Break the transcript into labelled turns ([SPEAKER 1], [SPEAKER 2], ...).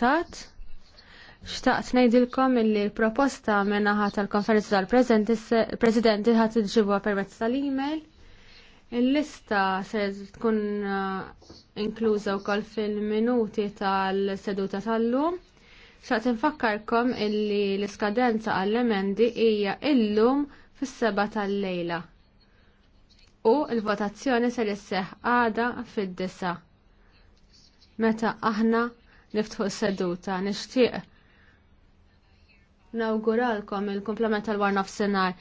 [SPEAKER 1] deputat. Xtaqt ngħidilkom illi l-proposta ħat tal-konferenza tal-President ħadd iġibha permezz tal-email. Il-lista se tkun uh, inkluża wkoll fil-minuti tal-seduta tal-lum. Xtaqt infakkarkom illi l-iskadenza għall-emendi hija illum fis-seba tal-lejla. U l-votazzjoni se isseħ għada fid-disa meta aħna niftħu s-seduta. Nixtieq nawguralkom il-komplement tal-war
[SPEAKER 2] nofsinhar.